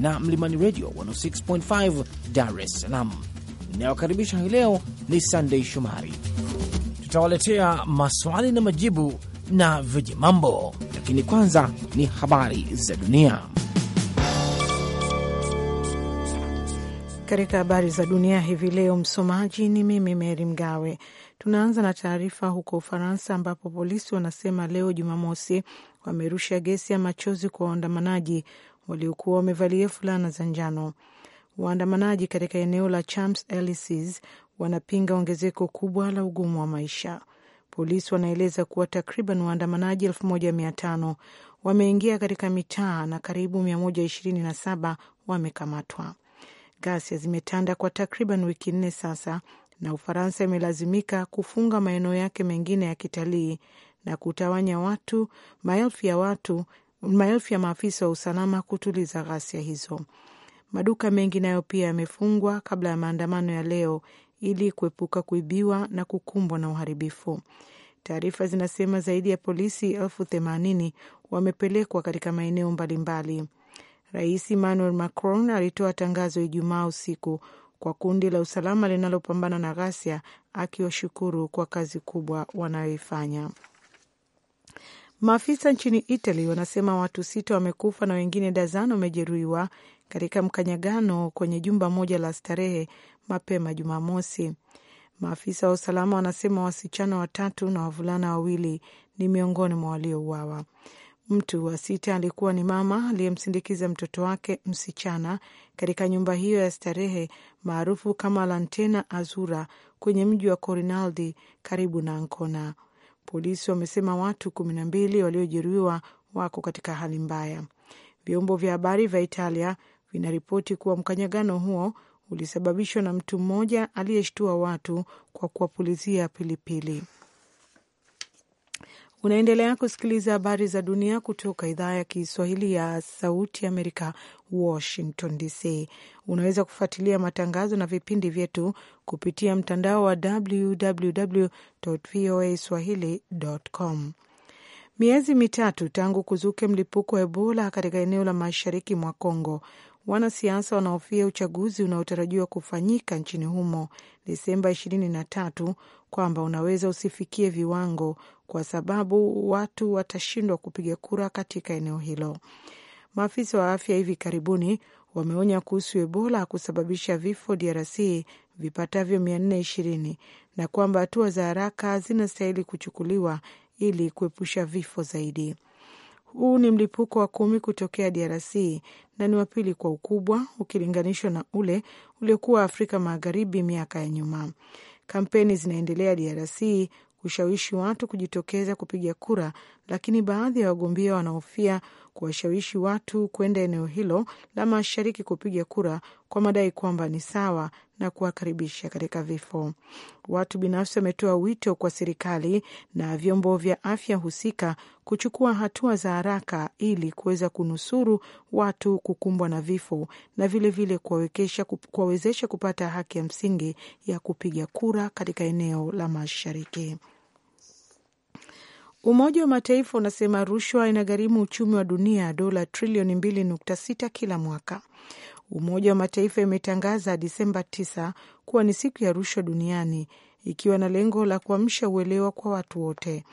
na Mlimani Radio 106.5 Dar es Salaam. Inayokaribisha hii leo ni Sandei Shomari. Tutawaletea maswali na majibu na mambo lakini kwanza ni habari za dunia. Katika habari za dunia hivi leo, msomaji ni mimi Meri Mgawe. Tunaanza na taarifa huko Ufaransa, ambapo polisi wanasema leo Jumamosi wamerusha gesi ya machozi kwa waandamanaji waliokuwa wamevalia fulana za njano. Waandamanaji katika eneo la Champs Elysees wanapinga ongezeko kubwa la ugumu wa maisha. Polisi wanaeleza kuwa takriban waandamanaji elfu moja mia tano wameingia katika mitaa na karibu 127 wamekamatwa. Ghasia zimetanda kwa takriban wiki nne sasa, na Ufaransa imelazimika kufunga maeneo yake mengine ya kitalii na kutawanya watu maelfu ya watu maelfu ya maafisa wa usalama kutuliza ghasia hizo. Maduka mengi nayo pia yamefungwa kabla ya maandamano ya leo ili kuepuka kuibiwa na kukumbwa na uharibifu. Taarifa zinasema zaidi ya polisi elfu themanini wamepelekwa katika maeneo mbalimbali. Rais Emmanuel Macron alitoa tangazo Ijumaa usiku kwa kundi la usalama linalopambana na ghasia, akiwashukuru kwa kazi kubwa wanayoifanya. Maafisa nchini Italy wanasema watu sita wamekufa na wengine dazan wamejeruhiwa katika mkanyagano kwenye jumba moja la starehe mapema Jumamosi. Maafisa wa usalama wanasema wasichana watatu na wavulana wawili ni miongoni mwa waliouawa. Mtu wa sita alikuwa ni mama aliyemsindikiza mtoto wake msichana katika nyumba hiyo ya starehe maarufu kama Lantena Azura kwenye mji wa Corinaldi karibu na Ancona. Polisi wamesema watu kumi na mbili waliojeruhiwa wako katika hali mbaya. Vyombo vya habari vya Italia vinaripoti kuwa mkanyagano huo ulisababishwa na mtu mmoja aliyeshtua watu kwa kuwapulizia pilipili. Unaendelea kusikiliza habari za dunia kutoka idhaa ya Kiswahili ya Sauti Amerika, Washington DC. Unaweza kufuatilia matangazo na vipindi vyetu kupitia mtandao wa www voa swahili.com. Miezi mitatu tangu kuzuke mlipuko wa Ebola katika eneo la mashariki mwa Congo, wanasiasa wanahofia uchaguzi unaotarajiwa kufanyika nchini humo Desemba 23 kwamba unaweza usifikie viwango kwa sababu watu watashindwa kupiga kura katika eneo hilo. Maafisa wa afya hivi karibuni wameonya kuhusu Ebola kusababisha vifo DRC vipatavyo 420 na kwamba hatua za haraka zinastahili kuchukuliwa ili kuepusha vifo zaidi. Huu ni mlipuko wa kumi kutokea DRC na ni wa pili kwa ukubwa ukilinganishwa na ule uliokuwa Afrika Magharibi miaka ya nyuma. Kampeni zinaendelea DRC kushawishi watu kujitokeza kupiga kura, lakini baadhi ya wagombea wanahofia kuwashawishi watu kwenda eneo hilo la mashariki kupiga kura kwa madai kwamba ni sawa na kuwakaribisha katika vifo. Watu binafsi wametoa wito kwa serikali na vyombo vya afya husika kuchukua hatua za haraka ili kuweza kunusuru watu kukumbwa na vifo na vilevile kuwawezesha kupata haki ya msingi ya kupiga kura katika eneo la mashariki. Umoja wa Mataifa unasema rushwa inagharimu uchumi wa dunia dola trilioni 2.6 kila mwaka. Umoja wa Mataifa imetangaza Disemba 9 kuwa ni siku ya rushwa duniani ikiwa na lengo la kuamsha uelewa kwa watu wote.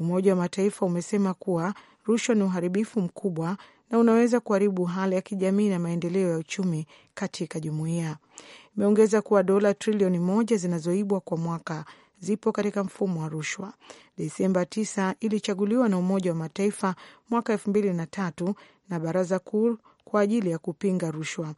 Umoja wa Mataifa umesema kuwa rushwa ni uharibifu mkubwa na unaweza kuharibu hali ya kijamii na maendeleo ya uchumi katika jumuiya. Imeongeza kuwa dola trilioni moja zinazoibwa kwa mwaka zipo katika mfumo wa rushwa. Desemba 9 ilichaguliwa na Umoja wa Mataifa mwaka elfu mbili na tatu na Baraza Kuu kwa ajili ya kupinga rushwa.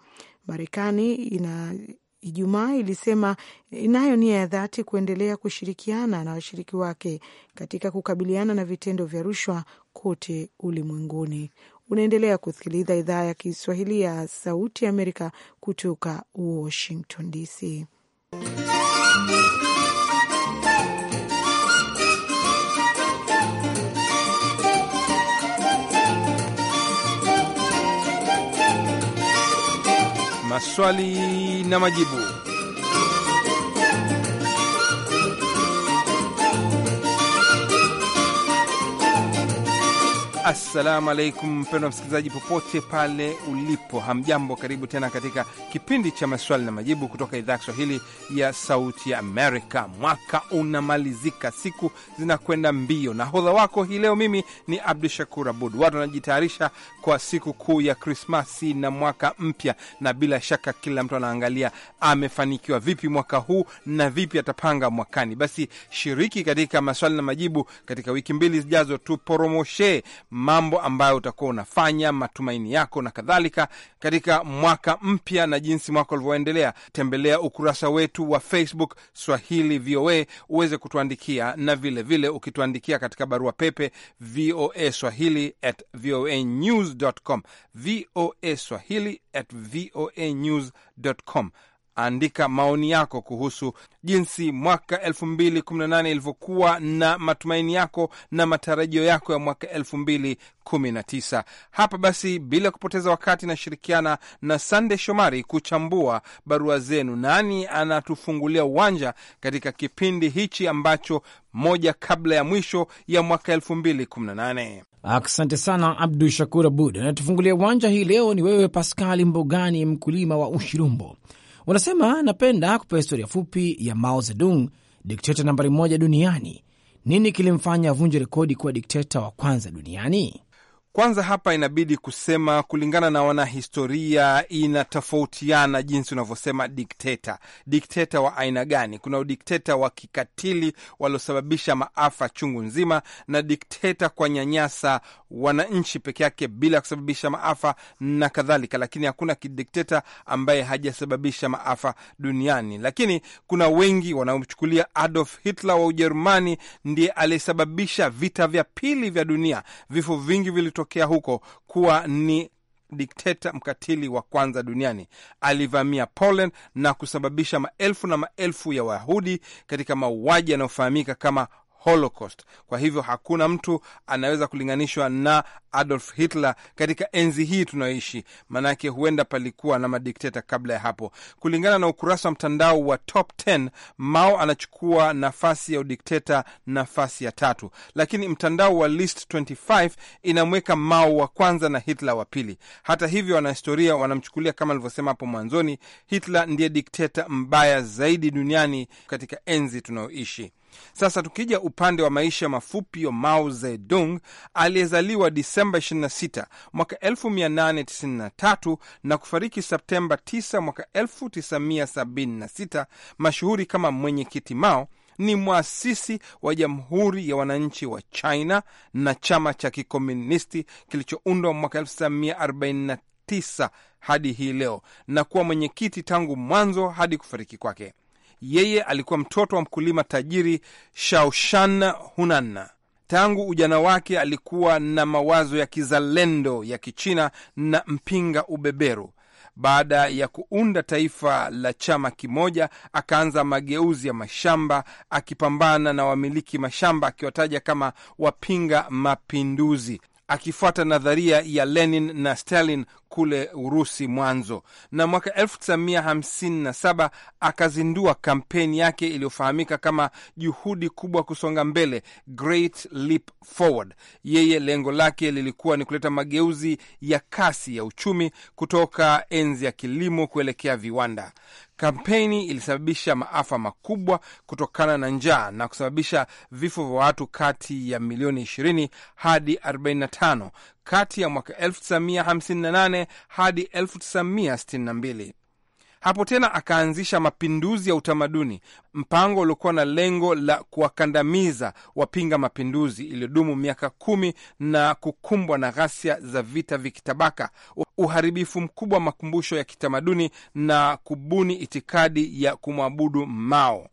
Marekani ina Ijumaa ilisema inayo nia ya dhati kuendelea kushirikiana na washiriki wake katika kukabiliana na vitendo vya rushwa kote ulimwenguni. Unaendelea kusikiliza idhaa ya Kiswahili ya Sauti ya Amerika kutoka Washington DC. maswali na majibu. Assalamu alaikum mpendwa msikilizaji, popote pale ulipo, hamjambo. Karibu tena katika kipindi cha maswali na majibu kutoka idhaa ya Kiswahili ya Sauti ya Amerika. Mwaka unamalizika, siku zinakwenda mbio. Nahodha wako hii leo mimi ni Abdu Shakur Abud. Watu wanajitayarisha kwa siku kuu ya Krismasi na mwaka mpya, na bila shaka kila mtu anaangalia amefanikiwa vipi mwaka huu na vipi atapanga mwakani. Basi shiriki katika maswali na majibu katika wiki mbili zijazo, tuporomoshe mambo ambayo utakuwa unafanya, matumaini yako na kadhalika, katika mwaka mpya na jinsi mwaka ulivyoendelea. Tembelea ukurasa wetu wa Facebook Swahili VOA uweze kutuandikia, na vilevile vile ukituandikia katika barua pepe VOA Swahili at voa news com, voa swahili at voa news com andika maoni yako kuhusu jinsi mwaka 2018 ilivyokuwa na matumaini yako na matarajio yako ya mwaka 2019. Hapa basi, bila kupoteza wakati, nashirikiana na Sande Shomari kuchambua barua zenu. Nani anatufungulia uwanja katika kipindi hichi ambacho moja kabla ya mwisho ya mwaka 2018? Asante sana Abdu Shakur Abud. Anatufungulia uwanja hii leo ni wewe Paskali Mbogani, mkulima wa Ushirumbo Wanasema, napenda kupewa historia fupi ya Mao Zedong, dikteta nambari moja duniani. Nini kilimfanya avunje rekodi kuwa dikteta wa kwanza duniani? Kwanza hapa inabidi kusema kulingana na wanahistoria, inatofautiana jinsi unavyosema dikteta. Dikteta wa aina gani? Kuna udikteta wa kikatili waliosababisha maafa chungu nzima, na dikteta kwa nyanyasa wananchi peke yake bila kusababisha maafa na kadhalika, lakini hakuna kidikteta ambaye hajasababisha maafa duniani. Lakini kuna wengi wanaomchukulia Adolf Hitler wa Ujerumani ndiye aliyesababisha vita vya pili vya dunia. Vifo vingi vilitokea kutokea huko kuwa ni dikteta mkatili wa kwanza duniani. Alivamia Poland na kusababisha maelfu na maelfu ya Wayahudi katika mauaji yanayofahamika kama Holocaust. Kwa hivyo hakuna mtu anaweza kulinganishwa na Adolf Hitler katika enzi hii tunayoishi, maanake huenda palikuwa na madikteta kabla ya hapo. Kulingana na ukurasa wa mtandao wa Top 10, Mao anachukua nafasi ya udikteta nafasi ya tatu, lakini mtandao wa List 25 inamweka Mao wa kwanza na Hitler wa pili. Hata hivyo, wanahistoria wanamchukulia kama alivyosema hapo mwanzoni, Hitler ndiye dikteta mbaya zaidi duniani katika enzi tunayoishi. Sasa tukija upande wa maisha mafupi wa Mao Zedong aliyezaliwa Disemba 26 mwaka 1893 na kufariki Septemba 9 mwaka 1976, mashuhuri kama mwenyekiti Mao, ni mwasisi wa Jamhuri ya Wananchi wa China na chama cha kikomunisti kilichoundwa mwaka 1949 hadi hii leo na kuwa mwenyekiti tangu mwanzo hadi kufariki kwake. Yeye alikuwa mtoto wa mkulima tajiri Shaoshan Hunan. Tangu ujana wake alikuwa na mawazo ya kizalendo ya Kichina na mpinga ubeberu. Baada ya kuunda taifa la chama kimoja, akaanza mageuzi ya mashamba, akipambana na wamiliki mashamba, akiwataja kama wapinga mapinduzi, akifuata nadharia ya Lenin na Stalin kule Urusi mwanzo, na mwaka 1957 akazindua kampeni yake iliyofahamika kama juhudi kubwa kusonga mbele, Great Leap Forward. Yeye lengo lake lilikuwa ni kuleta mageuzi ya kasi ya uchumi kutoka enzi ya kilimo kuelekea viwanda. Kampeni ilisababisha maafa makubwa kutokana na njaa na kusababisha vifo vya watu kati ya milioni 20 hadi 45 kati ya mwaka 1958 hadi 1962. Hapo tena akaanzisha mapinduzi ya utamaduni, mpango uliokuwa na lengo la kuwakandamiza wapinga mapinduzi, iliyodumu miaka kumi na kukumbwa na ghasia za vita vya kitabaka, uharibifu mkubwa wa makumbusho ya kitamaduni na kubuni itikadi ya kumwabudu Mao.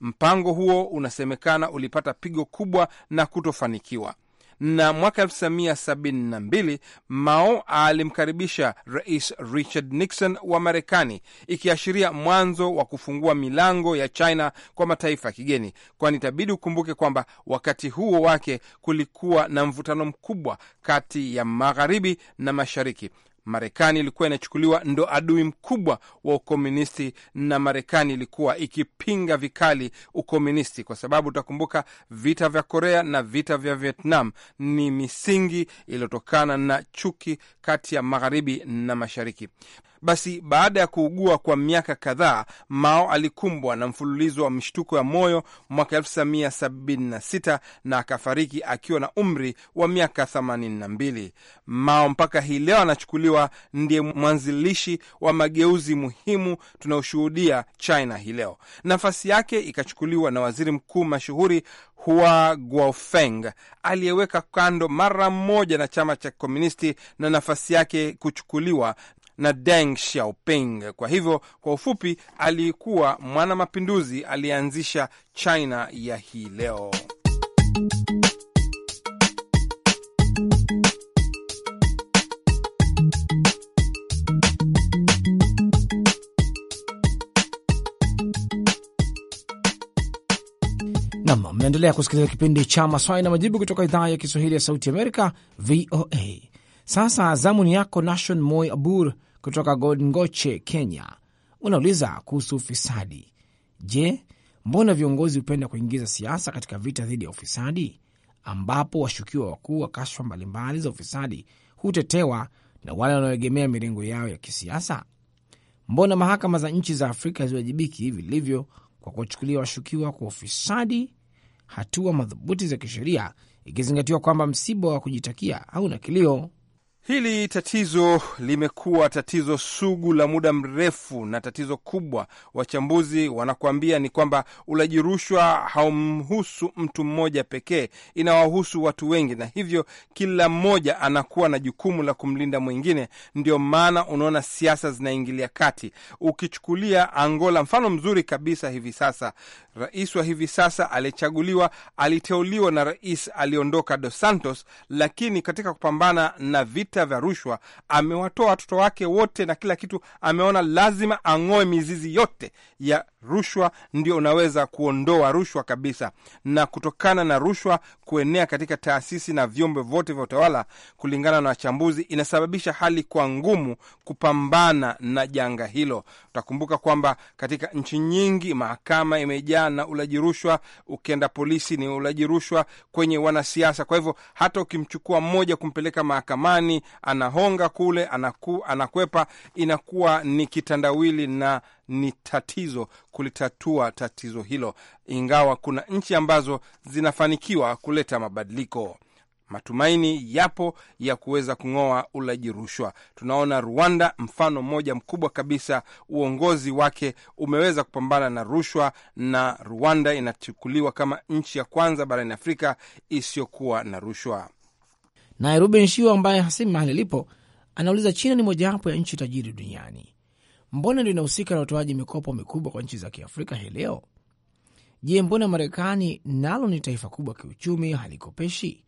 Mpango huo unasemekana ulipata pigo kubwa na kutofanikiwa na mwaka 1972 Mao alimkaribisha Rais Richard Nixon wa Marekani, ikiashiria mwanzo wa kufungua milango ya China kwa mataifa ya kigeni, kwani itabidi ukumbuke kwamba wakati huo wake kulikuwa na mvutano mkubwa kati ya magharibi na mashariki Marekani ilikuwa inachukuliwa ndo adui mkubwa wa ukomunisti, na Marekani ilikuwa ikipinga vikali ukomunisti, kwa sababu utakumbuka vita vya Korea na vita vya Vietnam ni misingi iliyotokana na chuki kati ya magharibi na mashariki. Basi baada ya kuugua kwa miaka kadhaa, Mao alikumbwa na mfululizo wa mshtuko ya moyo mwaka 1976 na akafariki akiwa na umri wa miaka 82. Mao mpaka hii leo anachukuliwa akiwa ndiye mwanzilishi wa mageuzi muhimu tunayoshuhudia China hii leo. Nafasi yake ikachukuliwa na waziri mkuu mashuhuri Hua Guofeng aliyeweka kando mara moja na chama cha Komunisti na nafasi yake kuchukuliwa na Deng Xiaoping. Kwa hivyo, kwa ufupi, alikuwa mwana mapinduzi aliyeanzisha China ya hii leo. Mnaendelea kusikiliza kipindi cha maswali na majibu kutoka idhaa ya Kiswahili ya Sauti Amerika, VOA. Sasa zamu ni yako, Nashon Moy Abur kutoka Godngoche, Kenya. Unauliza kuhusu ufisadi. Je, mbona viongozi hupenda kuingiza siasa katika vita dhidi ya ufisadi, ambapo washukiwa wakuu wa kashfa mbalimbali za ufisadi hutetewa na wale wanaoegemea mirengo yao ya kisiasa? Mbona mahakama za nchi za Afrika haziwajibiki vilivyo kwa kuwachukulia washukiwa kwa ufisadi hatua madhubuti za kisheria, ikizingatiwa kwamba msiba wa kujitakia hauna kilio Hili tatizo limekuwa tatizo sugu la muda mrefu na tatizo kubwa. Wachambuzi wanakuambia ni kwamba ulaji rushwa haumhusu mtu mmoja pekee, inawahusu watu wengi, na hivyo kila mmoja anakuwa na jukumu la kumlinda mwingine. Ndio maana unaona siasa zinaingilia kati. Ukichukulia Angola, mfano mzuri kabisa hivi sasa, rais wa hivi sasa aliyechaguliwa aliteuliwa na rais aliondoka Dos Santos, lakini katika kupambana na vita vita vya rushwa, amewatoa watoto wake wote na kila kitu, ameona lazima ang'oe mizizi yote ya rushwa ndio unaweza kuondoa rushwa kabisa. Na kutokana na rushwa kuenea katika taasisi na vyombo vyote vya utawala, kulingana na wachambuzi, inasababisha hali kwa ngumu kupambana na janga hilo. Utakumbuka kwamba katika nchi nyingi mahakama imejaa na ulaji rushwa, ukienda polisi ni ulaji rushwa, kwenye wanasiasa. Kwa hivyo hata ukimchukua mmoja kumpeleka mahakamani, anahonga kule, anaku, anakwepa, inakuwa ni kitandawili na ni tatizo kulitatua tatizo hilo, ingawa kuna nchi ambazo zinafanikiwa kuleta mabadiliko. Matumaini yapo ya kuweza kung'oa ulaji rushwa. Tunaona Rwanda mfano mmoja mkubwa kabisa, uongozi wake umeweza kupambana na rushwa, na Rwanda inachukuliwa kama nchi ya kwanza barani Afrika isiyokuwa na rushwa. Naye Ruben ambaye hasemi mahali lipo, anauliza China ni mojawapo ya nchi tajiri duniani, mbona ndio inahusika na utoaji mikopo mikubwa kwa nchi za kiafrika hii leo? Je, mbona Marekani nalo ni taifa kubwa kiuchumi halikopeshi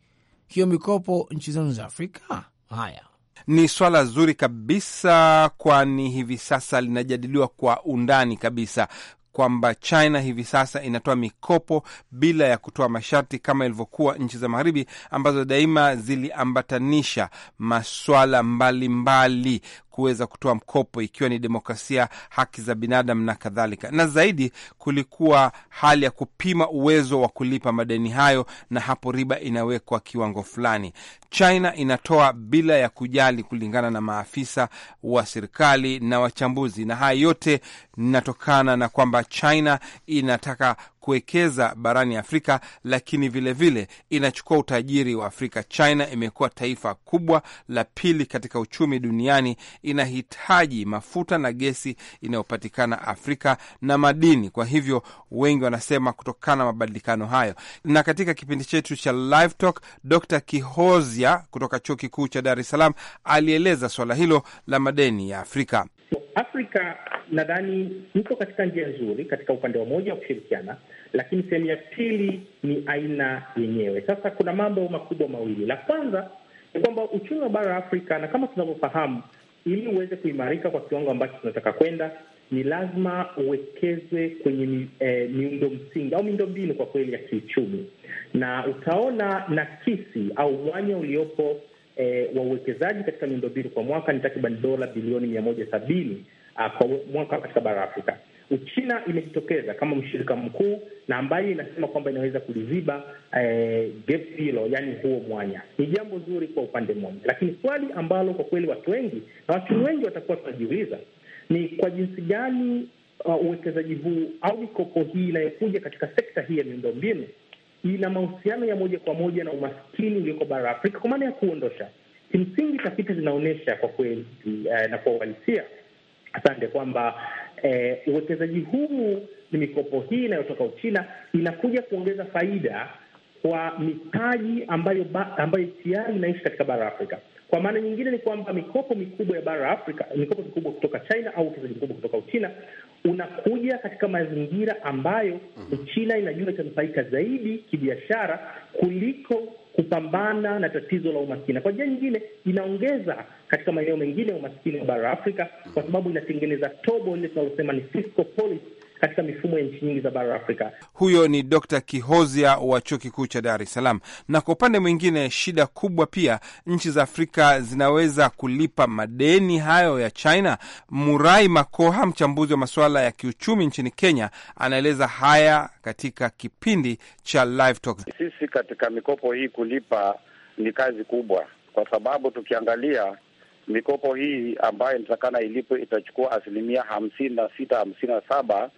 hiyo mikopo nchi zenu za Afrika? Haya ni swala zuri kabisa, kwani hivi sasa linajadiliwa kwa undani kabisa kwamba China hivi sasa inatoa mikopo bila ya kutoa masharti kama ilivyokuwa nchi za magharibi ambazo daima ziliambatanisha maswala mbalimbali mbali kuweza kutoa mkopo, ikiwa ni demokrasia, haki za binadamu na kadhalika. Na zaidi kulikuwa hali ya kupima uwezo wa kulipa madeni hayo, na hapo riba inawekwa kiwango fulani. China inatoa bila ya kujali, kulingana na maafisa wa serikali na wachambuzi, na haya yote inatokana na kwamba China inataka kuwekeza barani Afrika, lakini vilevile vile inachukua utajiri wa Afrika. China imekuwa taifa kubwa la pili katika uchumi duniani, inahitaji mafuta na gesi inayopatikana Afrika na madini. Kwa hivyo wengi wanasema kutokana na mabadilikano hayo. Na katika kipindi chetu cha Live Talk, Dr Kihozia kutoka chuo kikuu cha Dar es Salaam alieleza suala hilo la madeni ya Afrika. Afrika nadhani iko katika njia nzuri katika upande wa moja wa kushirikiana lakini sehemu ya pili ni aina yenyewe. Sasa kuna mambo makubwa mawili. La kwanza ni kwamba uchumi wa bara la Afrika, na kama tunavyofahamu, ili uweze kuimarika kwa kiwango ambacho tunataka kwenda, ni lazima uwekezwe kwenye eh, miundo msingi au miundo mbinu kwa kweli ya kiuchumi, na utaona nakisi au mwanya uliopo eh, wa uwekezaji katika miundo mbinu kwa mwaka ni takriban dola bilioni mia moja sabini ah, kwa mwaka katika bara la Afrika Uchina imejitokeza kama mshirika mkuu na ambaye inasema kwamba inaweza kuliziba eh, gap hilo, yani huo mwanya. Ni jambo zuri kwa upande mmoja, lakini swali ambalo kwa kweli watu wengi na watu wengi watakuwa tunajiuliza ni kwa jinsi gani uh, uwekezaji huu au mikopo hii inayokuja katika sekta hii ya miundombinu ina mahusiano ya moja kwa moja na umaskini ulioko bara Afrika kwa maana ya kuondosha. Kimsingi, tafiti zinaonyesha kwa kweli uh, na kwa uhalisia asante, kwamba eh, uwekezaji huu ni mikopo hii inayotoka Uchina inakuja kuongeza faida kwa mitaji ambayo ambayo tayari inaishi katika bara la Afrika. Kwa maana nyingine ni kwamba mikopo mikubwa ya bara la Afrika, mikopo mikubwa kutoka China au uwekezaji mkubwa kutoka Uchina unakuja katika mazingira ambayo mm-hmm. Uchina inajua itanufaika zaidi kibiashara kuliko kupambana na tatizo la umaskini. Kwa njia nyingine, inaongeza katika maeneo mengine ya umaskini wa bara Afrika, kwa sababu inatengeneza tobo ile tunalosema ni fiscal policy katika mifumo ya nchi nyingi za bara la Afrika. Huyo ni Dr. Kihozia wa chuo kikuu cha Dar es Salaam. Na kwa upande mwingine, shida kubwa pia nchi za Afrika zinaweza kulipa madeni hayo ya China. Murai Makoha, mchambuzi wa masuala ya kiuchumi nchini Kenya, anaeleza haya katika kipindi cha Live Talk. Sisi katika mikopo hii kulipa ni kazi kubwa, kwa sababu tukiangalia mikopo hii ambayo inatakana ilipo itachukua asilimia hamsini na sita hamsini na saba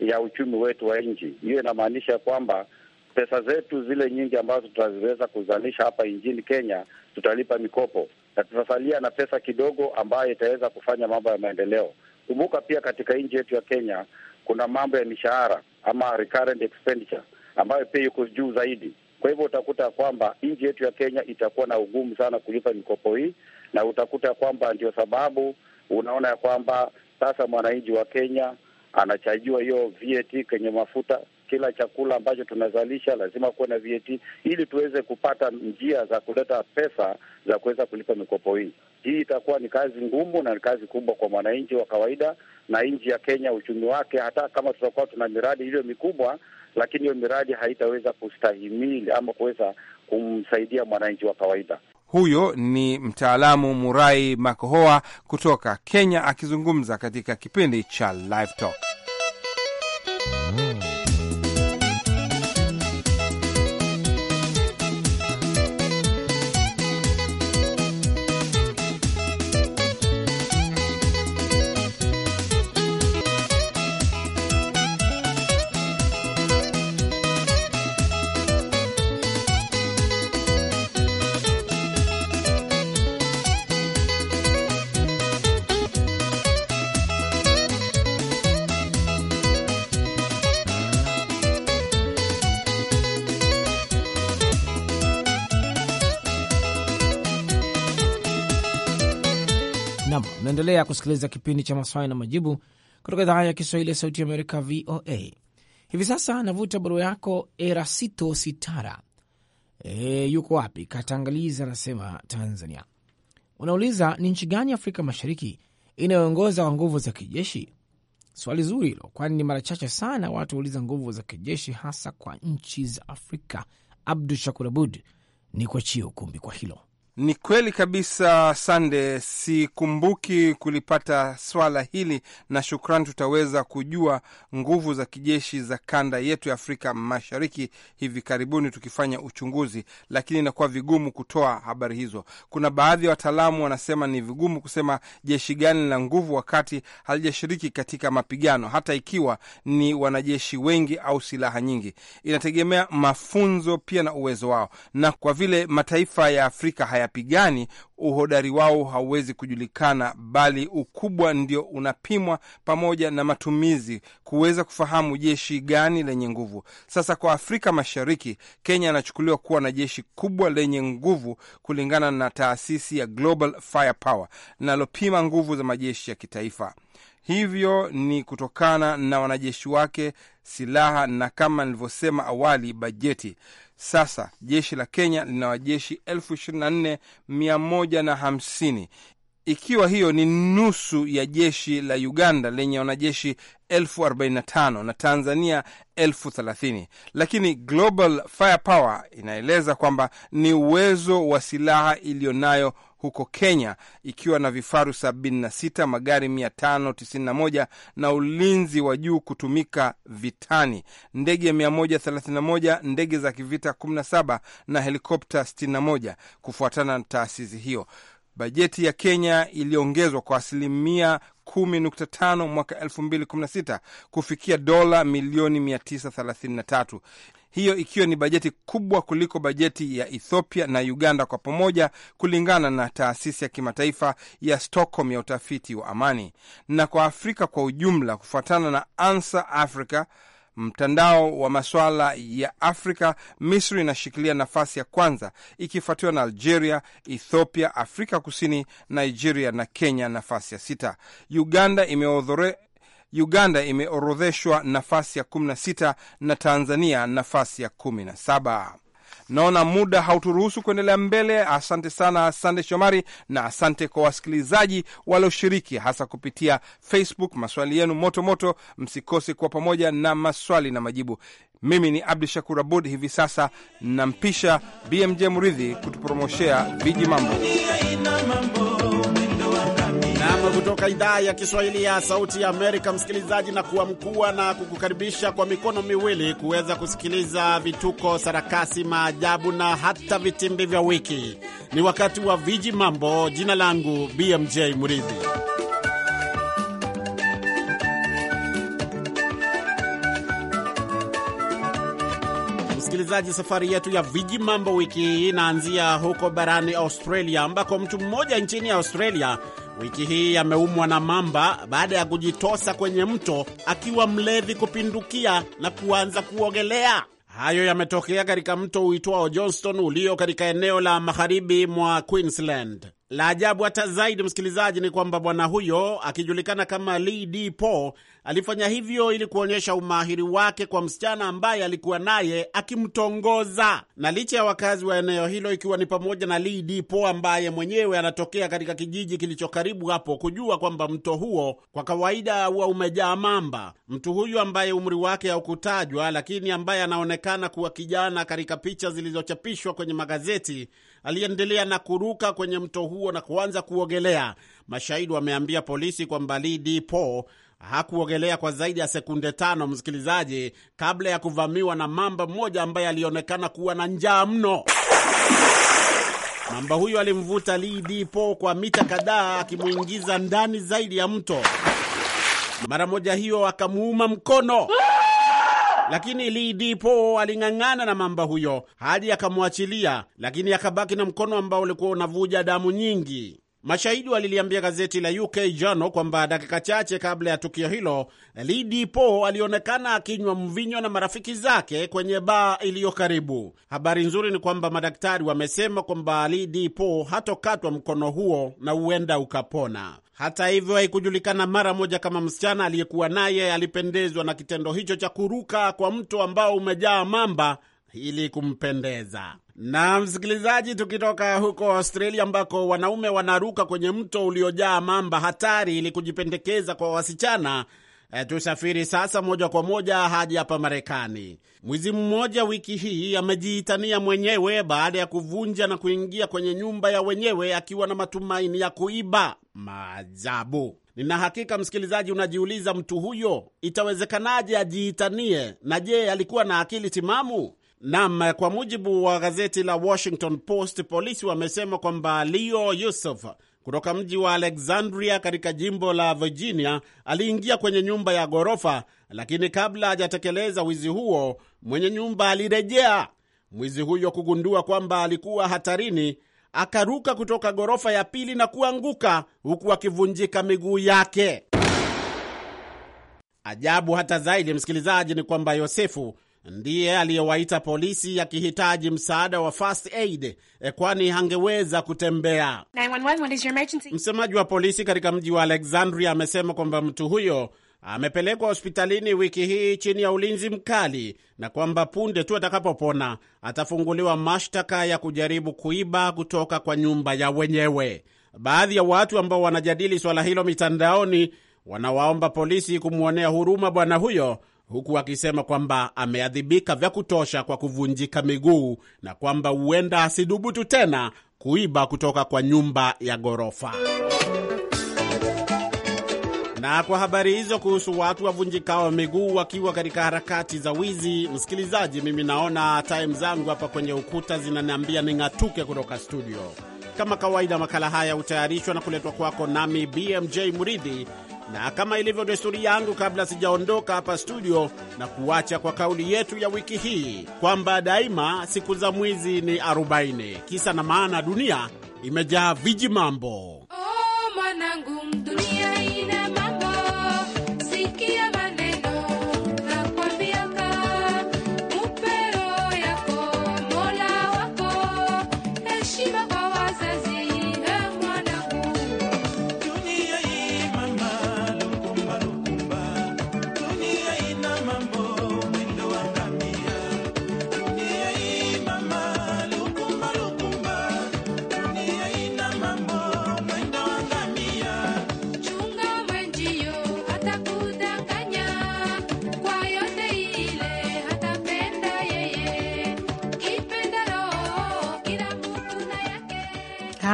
ya uchumi wetu wa nchi. Hiyo inamaanisha kwamba pesa zetu zile nyingi ambazo tutaziweza kuzalisha hapa nchini Kenya tutalipa mikopo na tutasalia na pesa kidogo ambayo itaweza kufanya mambo ya maendeleo. Kumbuka pia katika nchi yetu ya Kenya kuna mambo ya mishahara ama recurrent expenditure ambayo pia iko juu zaidi. Kwa hivyo utakuta kwamba nchi yetu ya Kenya itakuwa na ugumu sana kulipa mikopo hii, na utakuta kwamba ndio sababu unaona ya kwamba sasa mwananchi wa Kenya anachajiwa hiyo VAT kwenye mafuta. Kila chakula ambacho tunazalisha lazima kuwe na VAT ili tuweze kupata njia za kuleta pesa za kuweza kulipa mikopo hii. Hii itakuwa ni kazi ngumu na ni kazi kubwa kwa mwananchi wa kawaida, na nchi ya Kenya uchumi wake, hata kama tutakuwa tuna miradi hiyo mikubwa, lakini hiyo miradi haitaweza kustahimili ama kuweza kumsaidia mwananchi wa kawaida. Huyo ni mtaalamu Murai Makohoa kutoka Kenya akizungumza katika kipindi cha Live Talk. Mnaendelea kusikiliza kipindi cha maswali na majibu kutoka idhaa ya Kiswahili ya Sauti ya Amerika, VOA. Hivi sasa navuta barua yako Erasito Sitara. E, yuko wapi? Katangaliza anasema Tanzania. Unauliza, ni nchi gani Afrika Mashariki inayoongoza kwa nguvu za kijeshi? Swali zuri hilo, kwani ni mara chache sana watu wauliza nguvu za kijeshi, hasa kwa nchi za Afrika. Abdu Shakur Abud ni kuachia ukumbi kwa hilo. Ni kweli kabisa, Sande. Sikumbuki kulipata swala hili, na shukrani. Tutaweza kujua nguvu za kijeshi za kanda yetu ya Afrika Mashariki hivi karibuni, tukifanya uchunguzi, lakini inakuwa vigumu kutoa habari hizo. Kuna baadhi ya wataalamu wanasema ni vigumu kusema jeshi gani la nguvu wakati halijashiriki katika mapigano, hata ikiwa ni wanajeshi wengi au silaha nyingi. Inategemea mafunzo pia na uwezo wao, na kwa vile mataifa ya Afrika haya hayapigani, uhodari wao hauwezi kujulikana, bali ukubwa ndio unapimwa pamoja na matumizi, kuweza kufahamu jeshi gani lenye nguvu. Sasa kwa Afrika Mashariki, Kenya anachukuliwa kuwa na jeshi kubwa lenye nguvu kulingana na taasisi ya Global Firepower linalopima nguvu za majeshi ya kitaifa. Hivyo ni kutokana na wanajeshi wake, silaha na kama nilivyosema awali, bajeti. Sasa jeshi la Kenya lina wajeshi elfu ishirini na nne mia moja na hamsini ikiwa hiyo ni nusu ya jeshi la Uganda lenye wanajeshi 45 na Tanzania 30 lakini Global Firepower inaeleza kwamba ni uwezo wa silaha iliyonayo huko Kenya ikiwa na vifaru 76, magari 591 na ulinzi wa juu kutumika vitani, ndege 131, ndege za kivita 17 na helikopta 61, kufuatana na taasisi hiyo. Bajeti ya Kenya iliongezwa kwa asilimia 10.5 mwaka 2016 kufikia dola milioni 933, hiyo ikiwa ni bajeti kubwa kuliko bajeti ya Ethiopia na Uganda kwa pamoja, kulingana na taasisi ya kimataifa ya Stockholm ya utafiti wa amani, na kwa Afrika kwa ujumla, kufuatana na Ansa Africa Mtandao wa masuala ya Afrika, Misri inashikilia nafasi ya kwanza ikifuatiwa na Algeria, Ethiopia, Afrika Kusini, Nigeria na Kenya nafasi ya sita. Uganda imeodhore Uganda imeorodheshwa nafasi ya 16 na Tanzania nafasi ya 17. Naona muda hauturuhusu kuendelea mbele. Asante sana, asante Shomari, na asante kwa wasikilizaji walioshiriki hasa kupitia Facebook. Maswali yenu moto moto, msikose kuwa pamoja na maswali na majibu. Mimi ni Abdu Shakur Abud, hivi sasa nampisha BMJ Muridhi kutupromoshea viji mambo kutoka idhaa ya Kiswahili ya Sauti ya Amerika, msikilizaji, na kuamkua na kukukaribisha kwa mikono miwili kuweza kusikiliza vituko, sarakasi, maajabu na hata vitimbi vya wiki. Ni wakati wa viji mambo. Jina langu BMJ Muridhi. Msikilizaji, safari yetu ya viji mambo wiki hii inaanzia huko barani Australia, ambako mtu mmoja nchini Australia wiki hii ameumwa na mamba baada ya kujitosa kwenye mto akiwa mlevi kupindukia na kuanza kuogelea. Hayo yametokea katika mto uitwao Johnston ulio katika eneo la magharibi mwa Queensland. La ajabu hata zaidi, msikilizaji, ni kwamba bwana huyo akijulikana kama Lee D Paul Alifanya hivyo ili kuonyesha umahiri wake kwa msichana ambaye alikuwa naye akimtongoza. Na licha ya wakazi wa eneo hilo, ikiwa ni pamoja na Lee Dipo ambaye mwenyewe anatokea katika kijiji kilicho karibu hapo, kujua kwamba mto huo kwa kawaida huwa umejaa mamba, mtu huyu ambaye umri wake haukutajwa, lakini ambaye anaonekana kuwa kijana katika picha zilizochapishwa kwenye magazeti aliendelea na kuruka kwenye mto huo na kuanza kuogelea. Mashahidi wameambia polisi kwamba Lee Dipo hakuogelea kwa zaidi ya sekunde tano, msikilizaji, kabla ya kuvamiwa na mamba mmoja ambaye alionekana kuwa na njaa mno. Mamba huyo alimvuta Lee Dipo kwa mita kadhaa, akimwingiza ndani zaidi ya mto. Mara moja hiyo akamuuma mkono, lakini Lee Dipo aling'ang'ana na mamba huyo hadi akamwachilia, lakini akabaki na mkono ambao ulikuwa unavuja damu nyingi. Mashahidi waliliambia gazeti la UK jano kwamba dakika chache kabla ya tukio hilo, Lidi Po alionekana akinywa mvinyo na marafiki zake kwenye baa iliyo karibu. Habari nzuri ni kwamba madaktari wamesema kwamba Lidi Po hatokatwa mkono huo na huenda ukapona. Hata hivyo, haikujulikana mara moja kama msichana aliyekuwa naye alipendezwa na kitendo hicho cha kuruka kwa mto ambao umejaa mamba ili kumpendeza. Na msikilizaji, tukitoka huko Australia ambako wanaume wanaruka kwenye mto uliojaa mamba hatari ili kujipendekeza kwa wasichana. E, tusafiri sasa moja kwa moja hadi hapa Marekani. Mwizi mmoja wiki hii amejiitania mwenyewe baada ya kuvunja na kuingia kwenye nyumba ya wenyewe akiwa na matumaini ya kuiba. Maajabu! Nina hakika msikilizaji, unajiuliza mtu huyo itawezekanaje ajiitanie, na je, alikuwa na akili timamu? Nam, kwa mujibu wa gazeti la Washington Post, polisi wamesema kwamba Leo Yusuf kutoka mji wa Alexandria katika jimbo la Virginia aliingia kwenye nyumba ya ghorofa, lakini kabla hajatekeleza wizi huo, mwenye nyumba alirejea. Mwizi huyo kugundua kwamba alikuwa hatarini, akaruka kutoka ghorofa ya pili na kuanguka huku akivunjika miguu yake. Ajabu hata zaidi, msikilizaji, ni kwamba Yosefu ndiye aliyewaita polisi akihitaji msaada wa first aid, eh, kwani hangeweza kutembea. Msemaji wa polisi katika mji wa Alexandria amesema kwamba mtu huyo amepelekwa hospitalini wiki hii chini ya ulinzi mkali na kwamba punde tu atakapopona atafunguliwa mashtaka ya kujaribu kuiba kutoka kwa nyumba ya wenyewe. Baadhi ya watu ambao wanajadili swala hilo mitandaoni wanawaomba polisi kumwonea huruma bwana huyo huku akisema kwamba ameadhibika vya kutosha kwa kuvunjika miguu na kwamba huenda asidhubutu tena kuiba kutoka kwa nyumba ya ghorofa. Na kwa habari hizo kuhusu watu wavunjikao miguu wakiwa katika harakati za wizi, msikilizaji, mimi naona time zangu hapa kwenye ukuta zinaniambia ning'atuke kutoka studio. Kama kawaida, makala haya hutayarishwa na kuletwa kwako nami BMJ Muridhi na kama ilivyo desturi yangu, kabla sijaondoka hapa studio, na kuacha kwa kauli yetu ya wiki hii kwamba daima siku za mwizi ni 40. Kisa na maana, dunia imejaa viji mambo. Oh, mwanangu dunia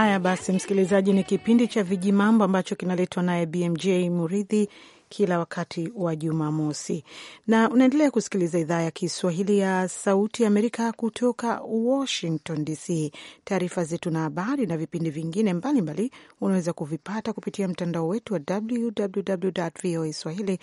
Haya basi, msikilizaji, ni kipindi cha Viji Mambo ambacho kinaletwa naye BMJ Muridhi kila wakati wa Jumamosi, na unaendelea kusikiliza idhaa ya Kiswahili ya Sauti Amerika kutoka Washington DC. Taarifa zetu na habari na vipindi vingine mbalimbali unaweza kuvipata kupitia mtandao wetu wa www voa swahili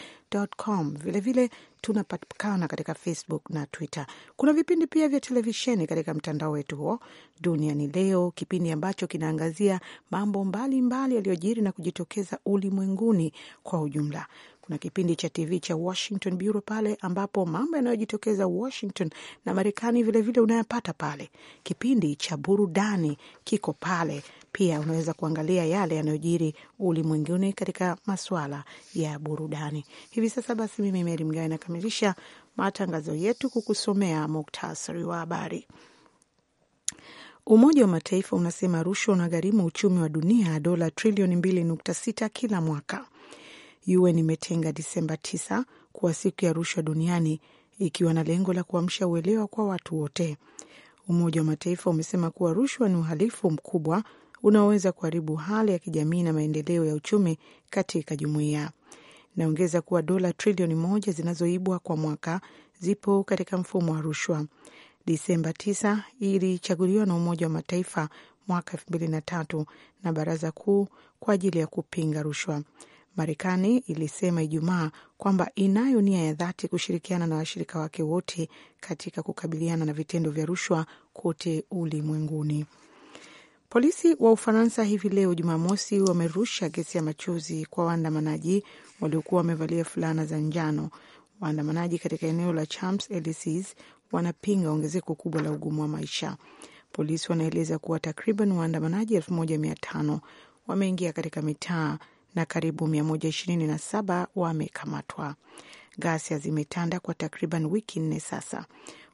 com. Vilevile tunapatikana katika Facebook na Twitter. Kuna vipindi pia vya televisheni katika mtandao wetu huo, Duniani Leo, kipindi ambacho kinaangazia mambo mbalimbali yaliyojiri na kujitokeza ulimwenguni kwa ujumla kuna kipindi cha TV cha Washington Bureau pale ambapo mambo yanayojitokeza Washington na Marekani vilevile unayapata pale. Kipindi cha burudani kiko pale pia, unaweza kuangalia yale yanayojiri ulimwenguni katika maswala ya burudani hivi sasa. Basi mimi Meri Mgawe nakamilisha matangazo yetu kukusomea muktasari wa habari. Umoja wa Mataifa unasema rushwa unagharimu uchumi wa dunia dola trilioni 2.6 kila mwaka. UN imetenga Disemba 9 kuwa siku ya rushwa duniani ikiwa na lengo la kuamsha uelewa kwa watu wote. Umoja wa Mataifa umesema kuwa rushwa ni uhalifu mkubwa unaoweza kuharibu hali ya kijamii na maendeleo ya uchumi katika jumuiya. Naongeza kuwa dola trilioni moja zinazoibwa kwa mwaka zipo katika mfumo wa rushwa. Disemba 9 ilichaguliwa na Umoja wa Mataifa mwaka elfu mbili na tatu na Baraza Kuu kwa ajili ya kupinga rushwa. Marekani ilisema Ijumaa kwamba inayo nia ya dhati kushirikiana na washirika wake wote katika kukabiliana na vitendo vya rushwa kote ulimwenguni. Polisi wa Ufaransa hivi leo Jumamosi wamerusha gesi ya machozi kwa waandamanaji waliokuwa wamevalia fulana za njano. Waandamanaji katika eneo la Champs Elysees wanapinga ongezeko kubwa la ugumu wa maisha. Polisi wanaeleza kuwa takriban waandamanaji elfu moja mia tano wameingia katika mitaa na karibu 127 wamekamatwa. Ghasia zimetanda kwa takriban wiki nne sasa.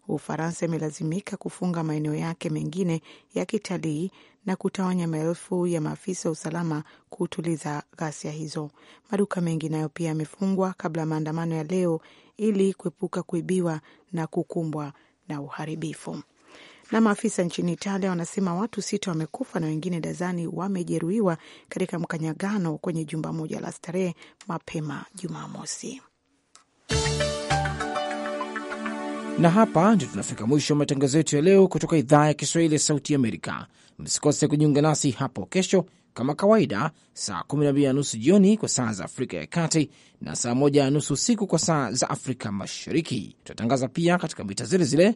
Ufaransa imelazimika kufunga maeneo yake mengine ya kitalii na kutawanya maelfu ya maafisa wa usalama kutuliza ghasia hizo. Maduka mengi nayo pia yamefungwa kabla ya maandamano ya leo ili kuepuka kuibiwa na kukumbwa na uharibifu. Na maafisa nchini Italia wanasema watu sita wamekufa na wengine dazani wamejeruhiwa katika mkanyagano kwenye jumba moja la starehe mapema Jumamosi. Na hapa ndio tunafika mwisho wa matangazo yetu ya leo kutoka idhaa ya Kiswahili ya Sauti Amerika. Msikose kujiunga nasi hapo kesho kama kawaida, saa 12 na nusu jioni kwa saa za Afrika ya Kati na saa 1 na nusu usiku kwa saa za Afrika Mashariki. Tutatangaza pia katika mita zile zile